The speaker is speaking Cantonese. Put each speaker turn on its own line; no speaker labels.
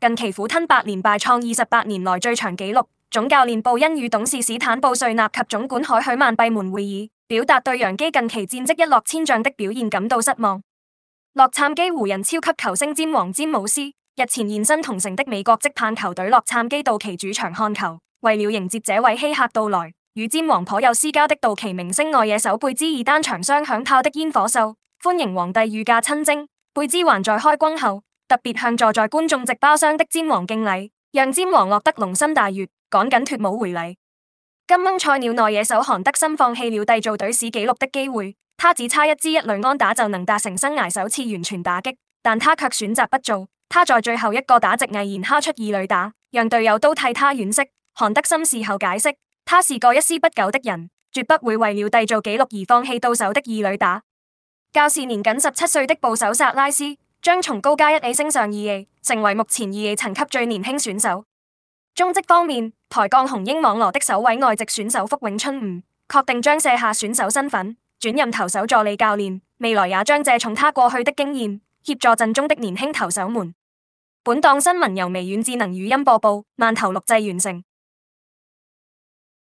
近期苦吞八連敗，創二十八年來最長紀錄。總教練布恩與董事史坦布瑞納及總管海許曼閉門會議，表達對楊基近期戰績一落千丈的表現感到失望。洛杉磯湖人超級球星詹皇詹姆斯日前現身同城的美國職棒球隊洛杉磯道奇主場看球，為了迎接這位稀客到來，與詹皇頗有私交的道奇明星外野手貝茲以單場雙響炮的煙火秀歡迎皇帝御駕親征。貝茲還在開光後。特別向坐在觀眾席包廂的詹皇敬禮，讓詹皇樂得龍心大悦，趕緊脫帽回禮。金鶯菜鳥內野手韓德森放棄了締造隊史紀錄的機會，他只差一支一壘安打就能達成生涯首次完全打擊，但他却選擇不做。他在最後一個打席毅然敲出二壘打，讓隊友都替他惋惜。韓德森事後解釋，他是個一絲不苟的人，絕不會為了締造紀錄而放棄到手的二壘打。教士年僅十七歲的捕手薩拉斯。將從高階一 A 升上二 A，成為目前二 A 層級最年輕選手。中職方面，台鋼雄鷹網羅的首位外籍選手福永春吾，確定將卸下選手身份，轉任投手助理教練，未來也將借從他過去的經驗，協助陣中的年輕投手們。本檔新聞由微軟智能語音播報，慢頭錄製完成。